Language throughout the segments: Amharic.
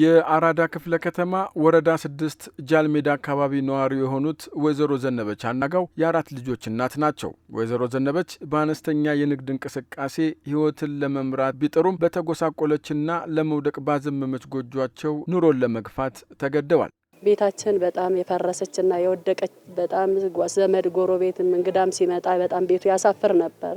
የአራዳ ክፍለ ከተማ ወረዳ ስድስት ጃልሜዳ አካባቢ ነዋሪ የሆኑት ወይዘሮ ዘነበች አናጋው የአራት ልጆች እናት ናቸው። ወይዘሮ ዘነበች በአነስተኛ የንግድ እንቅስቃሴ ሕይወትን ለመምራት ቢጥሩም በተጎሳቆለችና ለመውደቅ ባዘመመች ጎጇቸው ኑሮን ለመግፋት ተገደዋል። ቤታችን በጣም የፈረሰችና የወደቀች በጣም ዘመድ ጎረቤትም እንግዳም ሲመጣ በጣም ቤቱ ያሳፍር ነበር።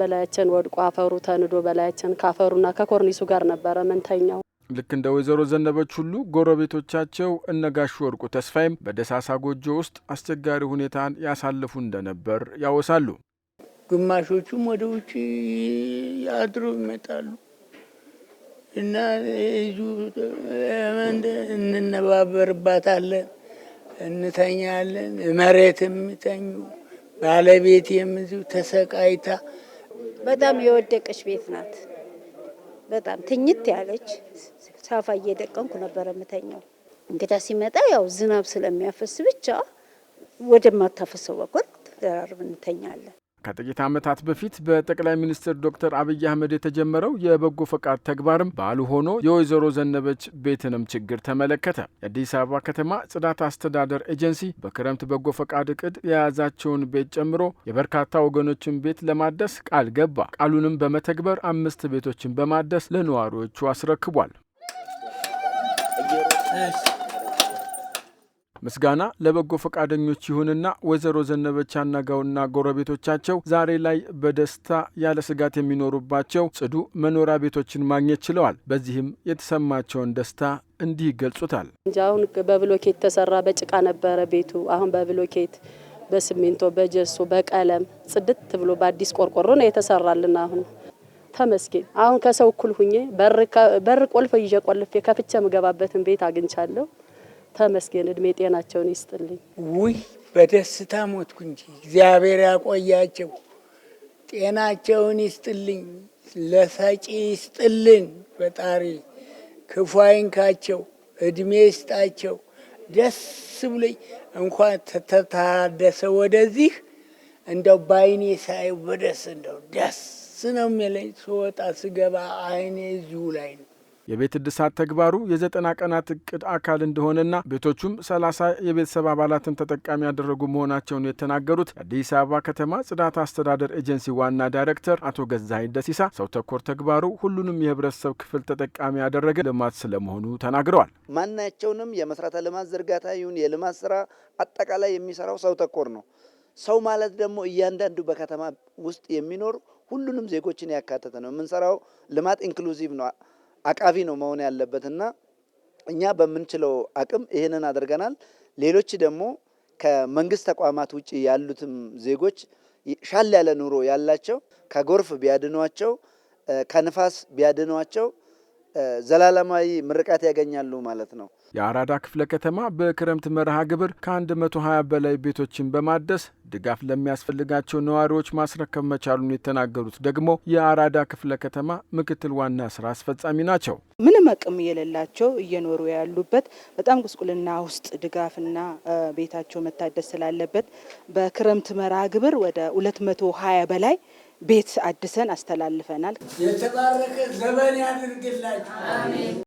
በላያችን ወድቆ አፈሩ ተንዶ በላያችን ካፈሩና ከኮርኒሱ ጋር ነበረ ምንተኛው ልክ እንደ ወይዘሮ ዘነበች ሁሉ ጎረቤቶቻቸው እነ ጋሽ ወርቁ ተስፋይም በደሳሳ ጎጆ ውስጥ አስቸጋሪ ሁኔታን ያሳልፉ እንደነበር ያወሳሉ። ግማሾቹም ወደ ውጭ አድሮ ይመጣሉ እና እንነባበርባታለን፣ እንተኛለን። መሬት የሚተኙ ባለቤት የምዚሁ ተሰቃይታ በጣም የወደቀች ቤት ናት። በጣም ትኝት ያለች ሳፋ እየደቀንኩ ነበረ የምተኛው። እንግዳ ሲመጣ ያው ዝናብ ስለሚያፈስ ብቻ ወደማታፈሰው በኩል ተደራርብ እንተኛለን። ከጥቂት ዓመታት በፊት በጠቅላይ ሚኒስትር ዶክተር አብይ አህመድ የተጀመረው የበጎ ፈቃድ ተግባርም በዓሉ ሆኖ የወይዘሮ ዘነበች ቤትንም ችግር ተመለከተ። የአዲስ አበባ ከተማ ጽዳት አስተዳደር ኤጀንሲ በክረምት በጎ ፈቃድ እቅድ የያዛቸውን ቤት ጨምሮ የበርካታ ወገኖችን ቤት ለማደስ ቃል ገባ። ቃሉንም በመተግበር አምስት ቤቶችን በማደስ ለነዋሪዎቹ አስረክቧል። ምስጋና ለበጎ ፈቃደኞች ይሁንና ወይዘሮ ዘነበች አናጋውና ጎረቤቶቻቸው ዛሬ ላይ በደስታ ያለ ስጋት የሚኖሩባቸው ጽዱ መኖሪያ ቤቶችን ማግኘት ችለዋል። በዚህም የተሰማቸውን ደስታ እንዲህ ይገልጹታል። እንጂ አሁን በብሎኬት ተሰራ፣ በጭቃ ነበረ ቤቱ። አሁን በብሎኬት በሲሚንቶ፣ በጀሶ፣ በቀለም ጽድት ብሎ በአዲስ ቆርቆሮ ነው የተሰራልን አሁን ተመስገን አሁን ከሰው እኩል ሁኜ በር ቆልፈ ይዤ ቆልፌ ከፍቼ የምገባበትን ቤት አግኝቻለሁ። ተመስገን እድሜ ጤናቸውን ይስጥልኝ። ውይ በደስታ ሞትኩ እንጂ እግዚአብሔር ያቆያቸው፣ ጤናቸውን ይስጥልኝ፣ ለሰጪ ይስጥልን ፈጣሪ፣ ክፉ አይንካቸው፣ እድሜ ይስጣቸው። ደስ ብሎኝ እንኳን ተታደሰ ወደዚህ እንደው በአይኔ ሳይ በደስ እንደው ደስ ደስ ነው የሚለኝ። ስወጣ ስገባ አይኔ እዚሁ ላይ ነው። የቤት እድሳት ተግባሩ የዘጠና ቀናት እቅድ አካል እንደሆነና ቤቶቹም ሰላሳ የቤተሰብ አባላትን ተጠቃሚ ያደረጉ መሆናቸውን የተናገሩት የአዲስ አበባ ከተማ ጽዳት አስተዳደር ኤጀንሲ ዋና ዳይሬክተር አቶ ገዛኸኝ ደሲሳ ሰው ተኮር ተግባሩ ሁሉንም የህብረተሰብ ክፍል ተጠቃሚ ያደረገ ልማት ስለመሆኑ ተናግረዋል። ማናቸውንም የመሰረተ ልማት ዝርጋታ ይሁን የልማት ስራ አጠቃላይ የሚሰራው ሰው ተኮር ነው። ሰው ማለት ደግሞ እያንዳንዱ በከተማ ውስጥ የሚኖር ሁሉንም ዜጎችን ያካተተ ነው። የምንሰራው ልማት ኢንክሉዚቭ ነው፣ አቃፊ ነው መሆን ያለበት እና እኛ በምንችለው አቅም ይህንን አድርገናል። ሌሎች ደግሞ ከመንግስት ተቋማት ውጭ ያሉትም ዜጎች ሻል ያለ ኑሮ ያላቸው ከጎርፍ ቢያድኗቸው፣ ከንፋስ ቢያድኗቸው ዘላለማዊ ምርቃት ያገኛሉ ማለት ነው። የአራዳ ክፍለ ከተማ በክረምት መርሃ ግብር ከ120 በላይ ቤቶችን በማደስ ድጋፍ ለሚያስፈልጋቸው ነዋሪዎች ማስረከብ መቻሉን የተናገሩት ደግሞ የአራዳ ክፍለ ከተማ ምክትል ዋና ስራ አስፈጻሚ ናቸው። ምንም አቅም የሌላቸው እየኖሩ ያሉበት በጣም ጉስቁልና ውስጥ ድጋፍና ቤታቸው መታደስ ስላለበት በክረምት መርሃ ግብር ወደ 220 በላይ ቤት አድሰን አስተላልፈናል። የተባረከ ዘመን ያድርግላቸው።